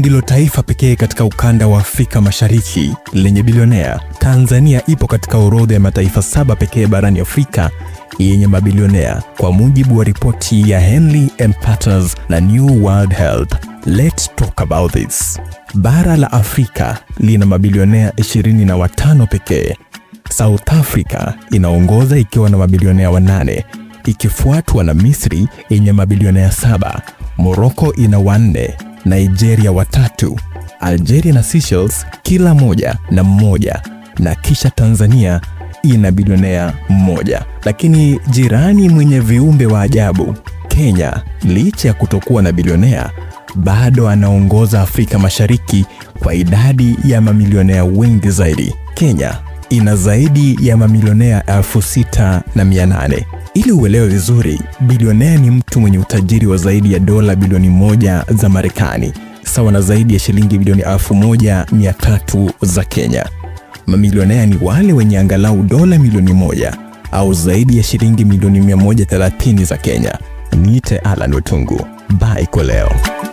ndilo taifa pekee katika ukanda wa Afrika Mashariki lenye bilionea. Tanzania ipo katika orodha ya mataifa saba pekee barani Afrika yenye mabilionea kwa mujibu wa ripoti ya Henley and Partners na New World Health. Let's talk about this. Bara la Afrika lina mabilionea 25 pekee. South Africa inaongoza ikiwa na mabilionea wanane ikifuatwa na Misri yenye mabilionea saba. Morocco ina wanne Nigeria watatu, Algeria na Seychelles kila moja na mmoja, na kisha Tanzania ina bilionea mmoja. Lakini jirani mwenye viumbe wa ajabu Kenya, licha ya kutokuwa na bilionea, bado anaongoza Afrika Mashariki kwa idadi ya mamilionea wengi zaidi. Kenya ina zaidi ya mamilionea elfu sita na mia nane. Ili uelewe vizuri, bilionea ni mtu mwenye utajiri wa zaidi ya dola bilioni moja za Marekani, sawa na zaidi ya shilingi bilioni elfu moja mia tatu za Kenya. Mamilionea ni wale wenye angalau dola milioni moja au zaidi ya shilingi milioni 130 za Kenya. Niite Alan Wetungu. bai kwa leo.